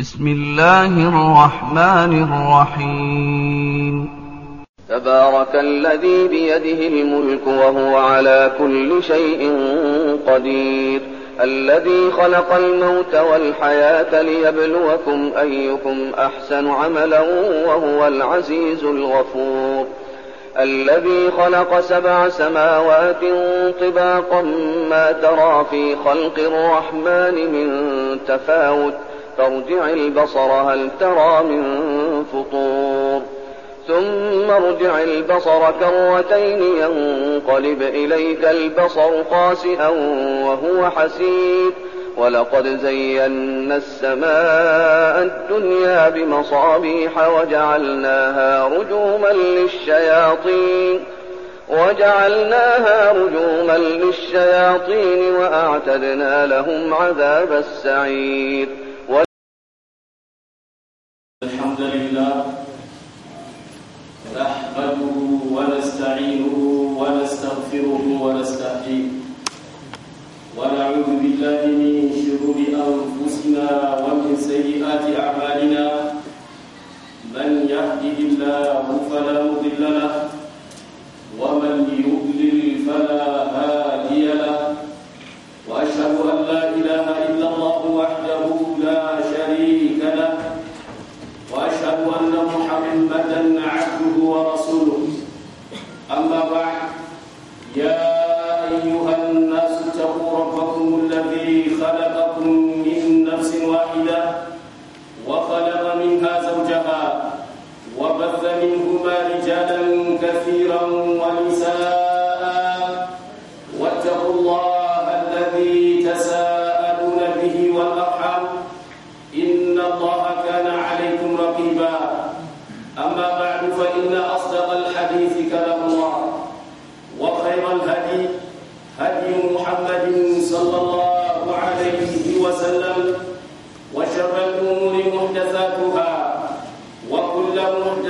بسم الله الرحمن الرحيم تبارك الذي بيده الملك وهو على كل شيء قدير الذي خلق الموت والحياة ليبلوكم أيكم أحسن عملا وهو العزيز الغفور الذي خلق سبع سماوات طباقا ما ترى في خلق الرحمن من تفاوت فارجع البصر هل ترى من فطور ثم ارجع البصر كرتين ينقلب إليك البصر خاسئا وهو حسير ولقد زينا السماء الدنيا بمصابيح وجعلناها رجوما للشياطين وجعلناها رجوما للشياطين وأعتدنا لهم عذاب السعير الحمد لله نحمده ونستعينه ونستغفره ونستهديه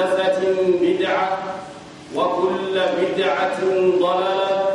محدثة بدعة وكل بدعة ضلالة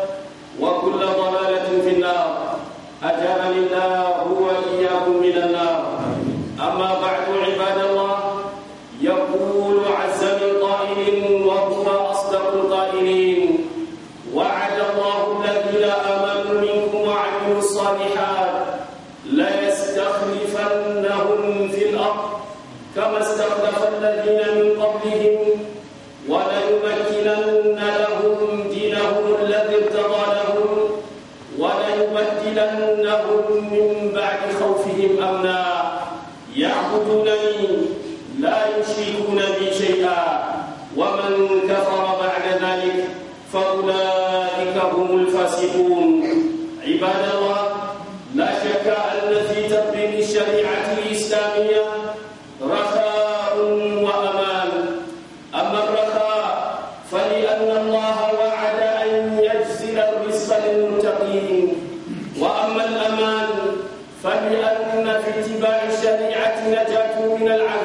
بأن في اتباع الشريعة نجاة من العذاب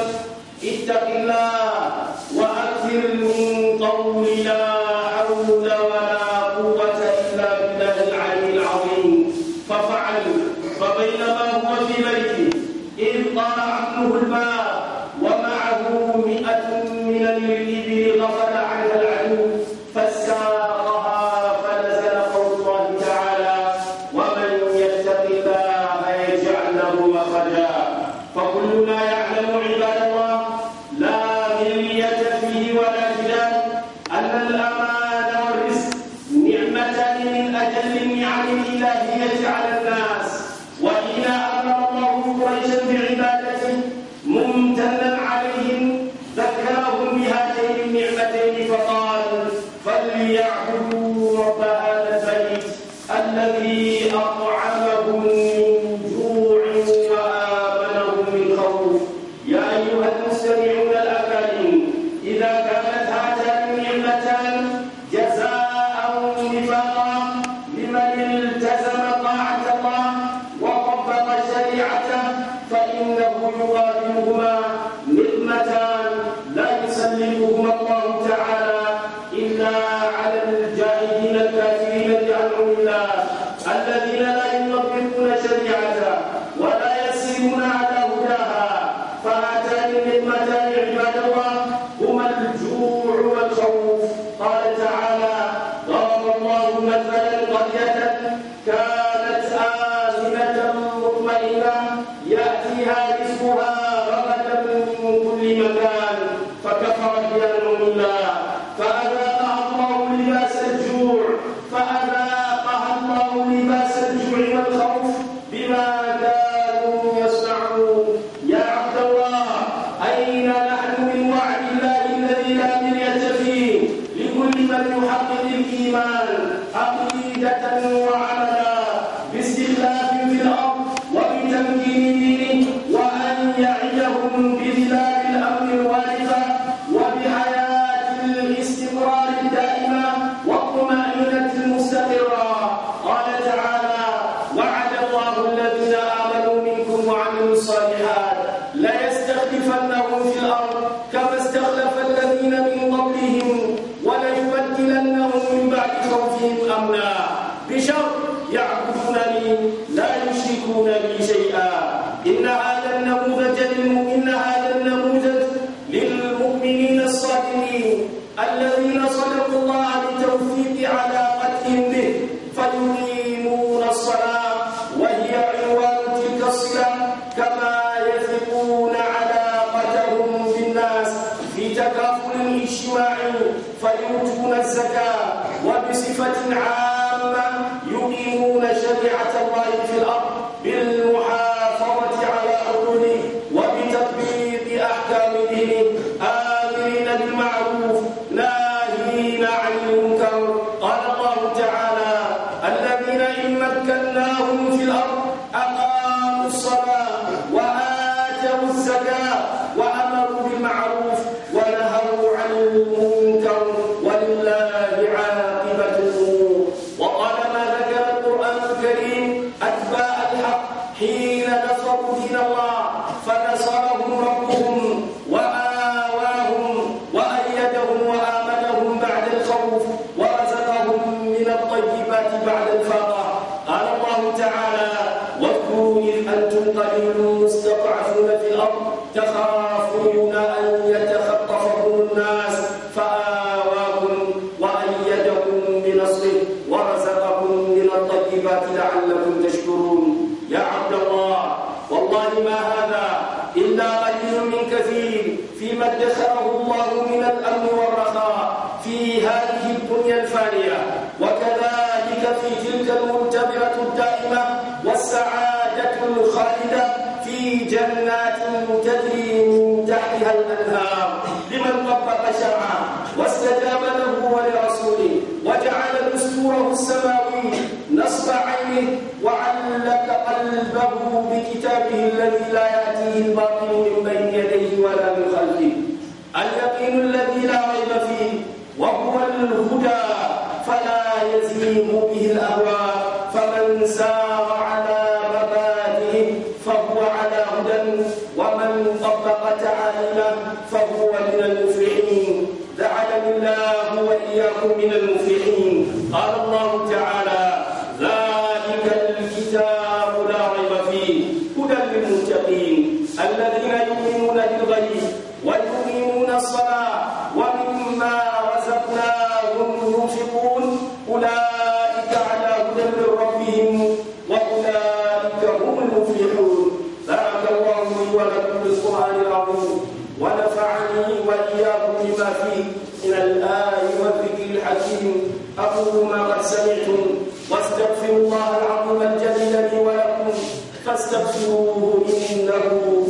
عقيدة وعملا آمرين آمرين بالمعروف اليقين الذي لا يأتيه الباطل من بين يديه ولا من خلفه اليقين الذي لا ريب فيه وهو الهدى فلا يزيغ به الأهواء فمن سار على مبادئه فهو على هدى ومن طبق تعاليمه فهو من المفلحين جعلني الله وإياكم من المفلحين قال الله تعالى واذكروا ما قد سمعتم واستغفروا الله العظيم الجليل لي ولكم فاستغفروه انه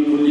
были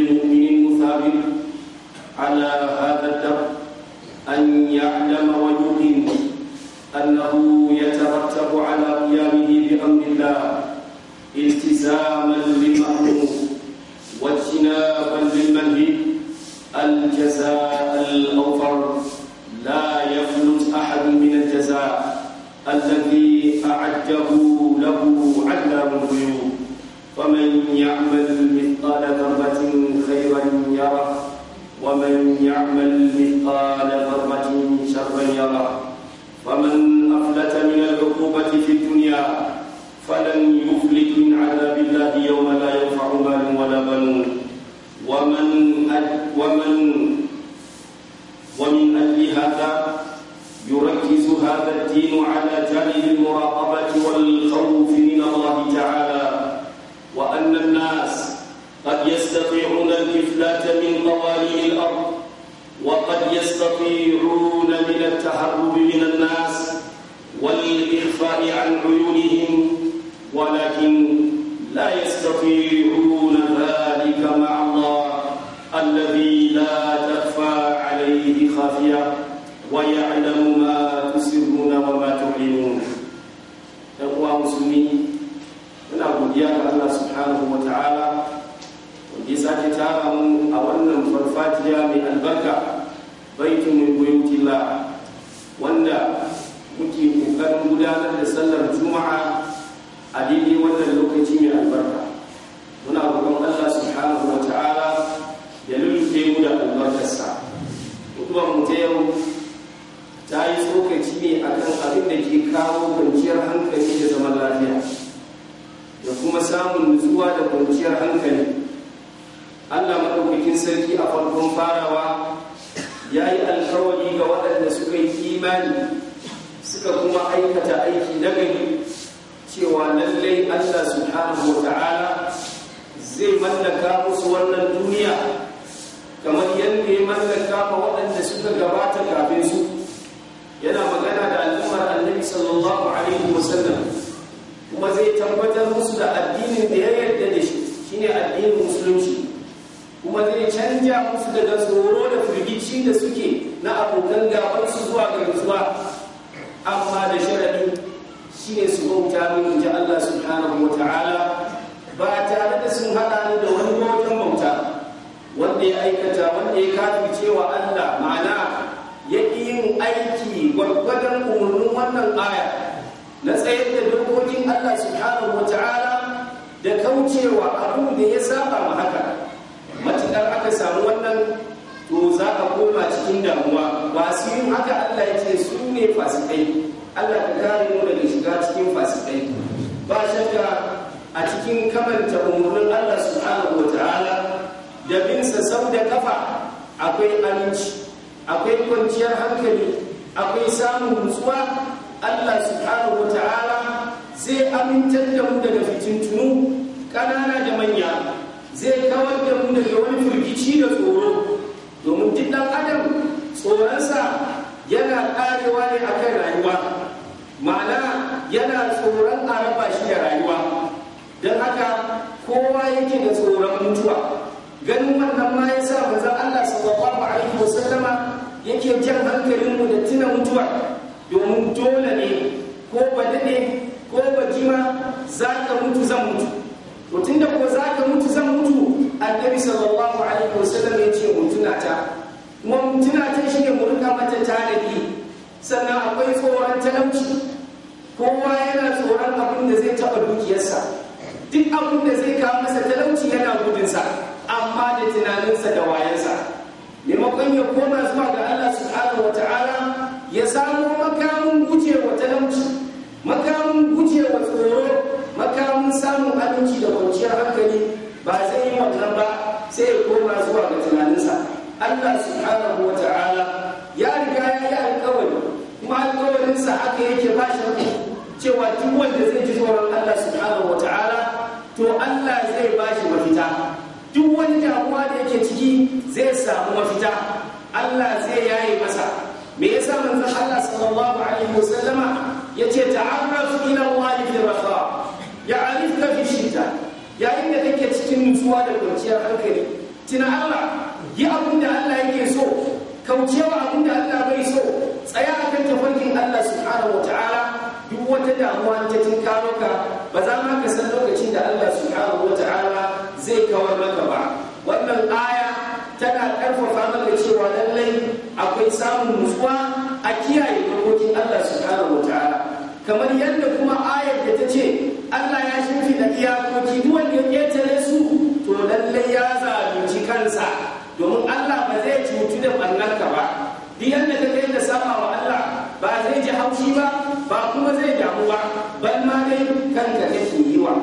وللإخفاء عن عيونهم ولكن لا يستطيعون ذلك مع الله الذي لا تخفى عليه خافية ويعلم ما تسرون وما تعلنون kwanciyar hankali allah maɗaukakin sarki a farkon farawa ya yi alkawari ga waɗanda suka yi imani suka kuma aikata aiki na gari cewa lallai allah subhanahu wa ta'ala zai mallaka musu wannan duniya kamar yadda ya mallaka ma waɗanda suka gabata kafin su yana magana da al'ummar annabi sallallahu alaihi wasallam kuma zai tabbatar musu da addinin da ya yarda da shi shine addinin musulunci kuma zai canja musu daga tsoro da firgici da suke na abokan su zuwa ga nutsuwa amma da sharadi shine su bauta min inji Allah subhanahu ta'ala ba tare da sun hada ni da wani wajen bauta wanda ya aikata wanda ya kafi cewa Allah ma'ana ya yin aiki gwargwadon umarnin wannan aya na tsayar da dokokin Allah subhanahu ta'ala da kaucewa abin da ya saba ma haka matuƙar aka samu wannan to za ka koma cikin damuwa ba su yin haka Allah ya ce su ne fasikai Allah ka kare mu daga shiga cikin fasikai ba shakka a cikin kamanta umarnin Allah subhanahu wa ta'ala da sa sau da kafa akwai aminci akwai kwanciyar hankali akwai samun nutsuwa Allah subhanahu wa ta'ala zai amintar da mu daga fitin sa aka yake ba shi cewa duk wanda zai ji tsoron Allah subhanahu ta'ala to Allah zai ba shi mafita duk wani damuwa da yake ciki zai samu mafita Allah zai yaye masa me yasa manzon Allah sallallahu alaihi wasallama yace ta'arraf ila Allah fi rafa ya'rifka fi shita yayin da kake cikin nutsuwa da kwanciyar hankali tuna Allah yi abin da Allah yake so kaucewa abin da Allah bai so tsaya a kan tafarkin Allah subhanahu wa ta'ala duk wata damuwa ta tinkaro ka ba za ma ka san lokacin da Allah subhanahu wa ta'ala zai kawar maka ba wannan aya tana karfafa maka cewa lallai akwai samun nutsuwa a kiyaye dokokin Allah subhanahu wa ta'ala kamar yadda kuma ayar da ta ce Allah ya shirfi da iyakoki duk wanda ya ƙetare su to lallai ya zalunci kansa domin Allah ba zai cutu da ɓannarka ba duk yadda ba zai ji haushi ba ba kuma zai damu ba bal ma dai kanka kake yi wa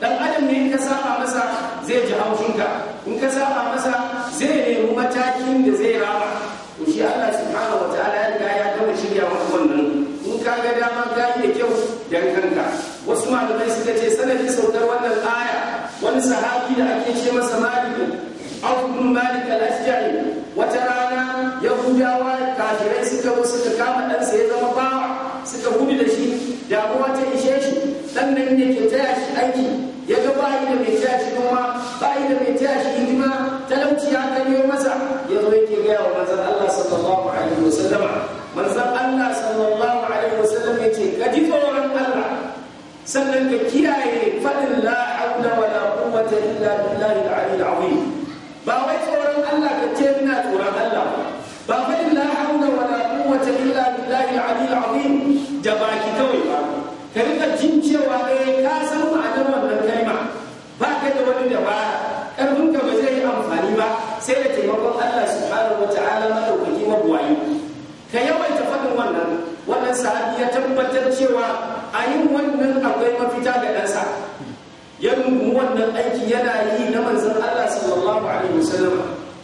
dan adam ne in ka saba masa zai ji haushin ka, in ka saba masa zai nemi matakin da zai rama to shi Allah subhanahu wataala ya riga ya gama shirya maka wannan in ka ga dama ka yi da kyau dan kanka wasu malamai suka ce sanadin saukar wannan aya wani sahabi da ake ce masa mali aiki ya ga bayi da mai taya shi kuma bayi da mai taya shi hidima talauci ya kan yi masa ya zo yake gaya wa manzan Allah sallallahu alaihi wasallam manzan Allah sallallahu alaihi wasallam yake ka ji tsoron Allah sannan ka kiyaye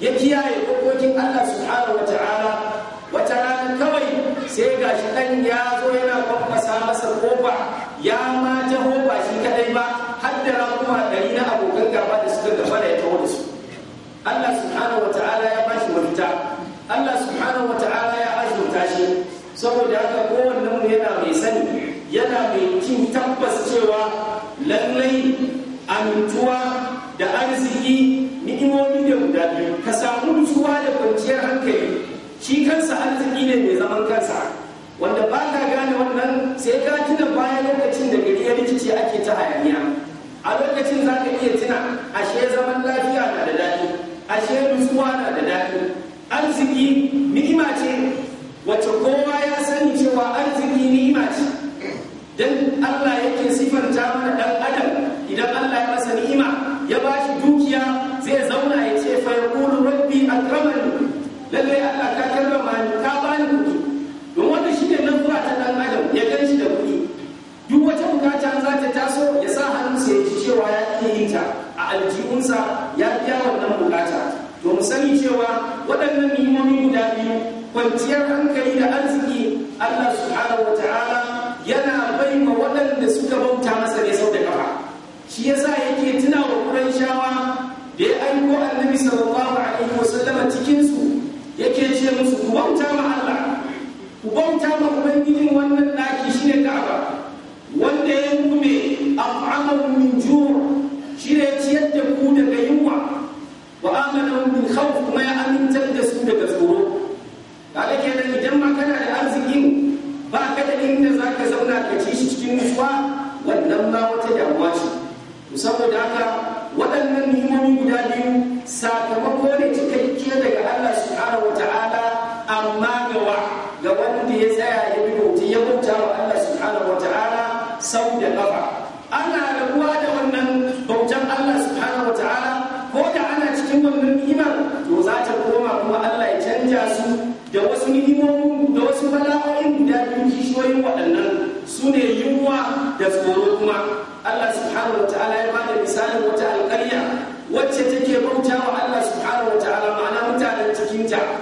ya kiyaye dokokin Allah subhanahu wa ta'ala wata rana kawai sai gashi ɗan ya zo yana kwakwasa masa kofa ya ma ta ba shi kadai ba har da rakuma ɗari na abokan gaba da suka gaba da ya taho da su Allah subhanahu wa ta'ala ya bashi mafita Allah subhanahu wa ta'ala ya azurta shi saboda haka kowanne mu yana mai sani yana mai cin tabbas cewa lallai amintuwa da arziki ni'imomi da guda biyu ka samu nutsuwa da kwanciyar hankali shi kansa arziki ne mai zaman kansa wanda ba ka gane wannan sai ka tuna baya lokacin da gari ya rikice ake ta hayaniya a lokacin za ka iya tuna ashe zaman lafiya na da daɗi ashe nutsuwa na da daɗi arziki ni'ima ce wacce kowa ya sani cewa arziki ni'ima ce dan Allah yake sifanta mana dan adam idan Allah ya masa ni'ima ya ba shi dukiya zai zauna ya ce fa ya kulu rabbi akramani lalle Allah ka karrama da kuma Allah subhanahu wa ta'ala ya bada misalin wata alƙarya wacce take bauta wa Allah subhanahu wa ta'ala ma'ana mutanen cikinta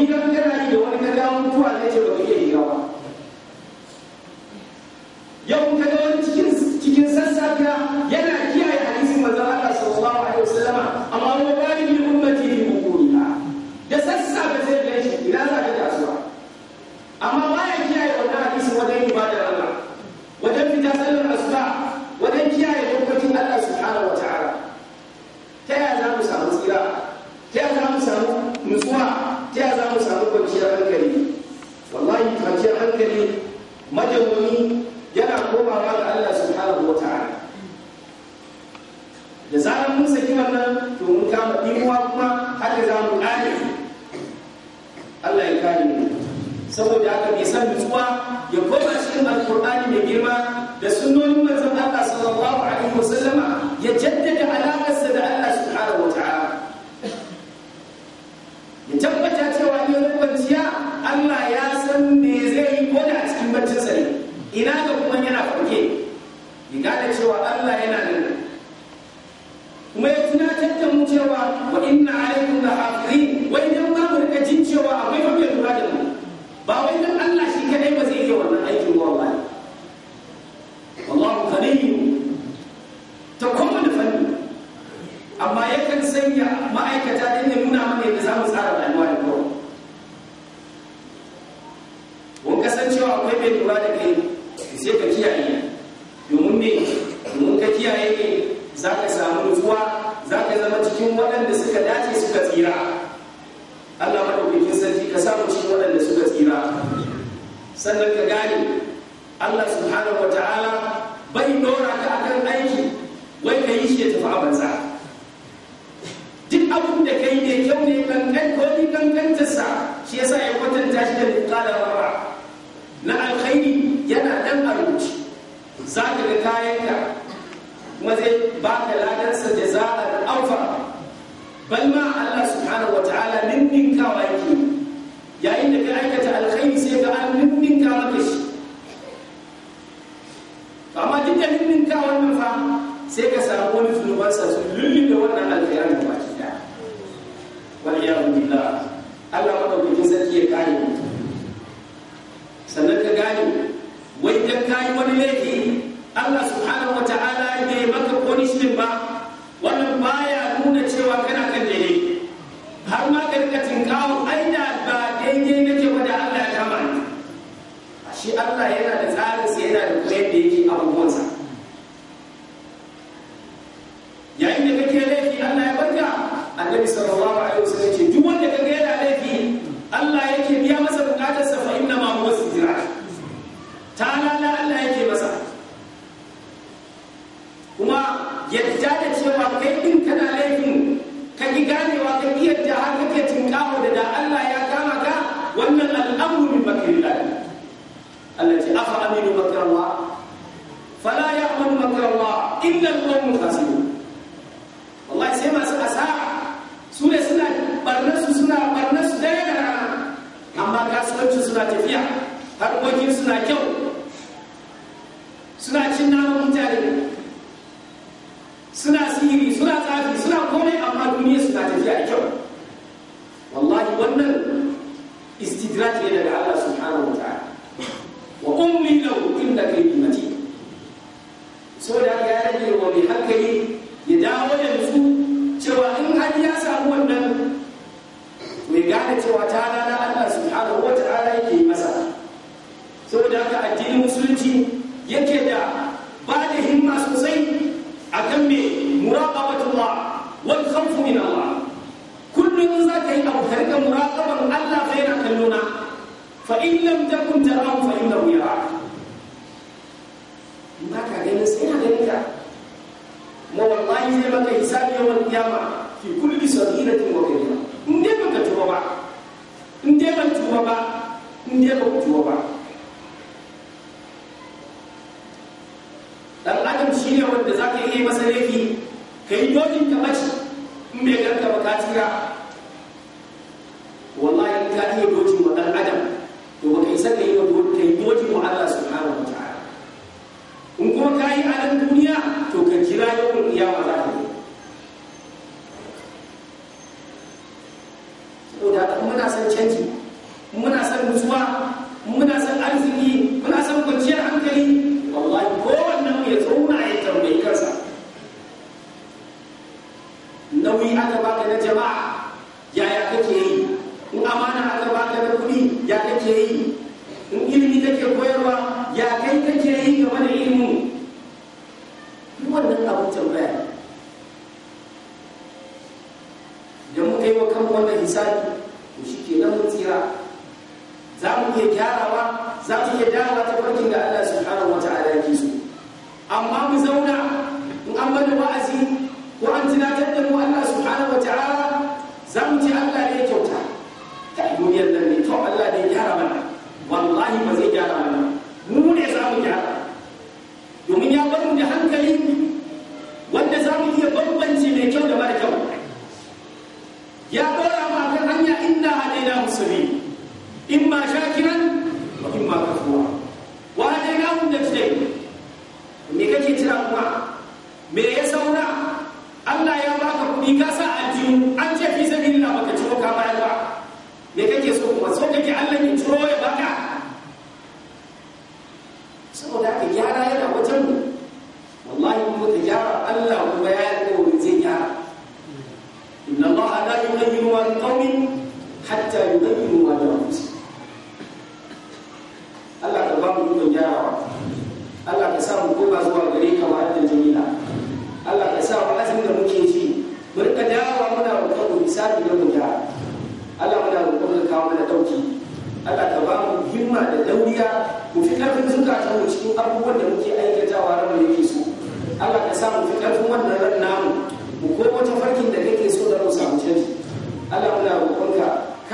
idan kana yi da wani ka dawo mutuwa zai ce ba iya yi ba kuma ya tunatar da mu cewa wa inna alaikum lahafizin in ka nan wannan fa sai ka samu wani zunubansa su lullun da wannan alfiyar da baki daya wal iyadu billah suna tafiya harkokin suna kyau niyya wanda za ka iya masa laifi ka yi dojin ta mace in bai garka ba ka tsira wallahi ka iya dokin wa ɗan adam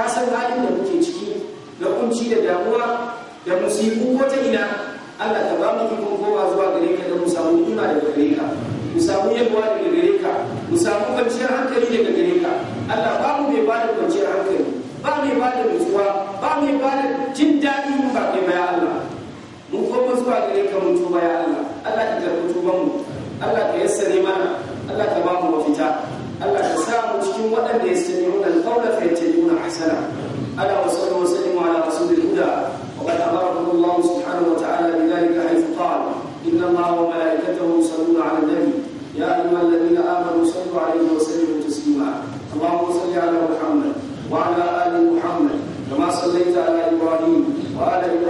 ka san halin da muke ciki na kunci da damuwa da musibu ko ta ina Allah ta ba mu ikon kowa zuwa gare ka da mu samu ni'ima daga gare ka mu samu yabuwa daga gare ka mu samu kwanciyar hankali daga gare ka Allah ba mu mai ba da kwanciyar hankali ba mu ba da nutsuwa ba mu ba da jin daɗi mu ba kai baya Allah mu koma zuwa gare ka mu tuba ya Allah Allah ka karɓi tuban mu Allah ka yassare mana Allah ka ba mu mafita Allah ya samu cikin waɗanda ya sani mun alƙawla fa yattabi'una ahsana ala wa sallu wa sallimu ala rasulil huda wa qad amarakum Allah subhanahu wa ta'ala bi dhalika haythu qala inna Allah wa malaikatahu yusalluna 'ala an-nabi ya ayyuhalladhina amanu sallu 'alayhi wa sallimu taslima اللهم muhammad da محمد وعلى ال محمد كما صليت على ابراهيم وعلى ابراهيم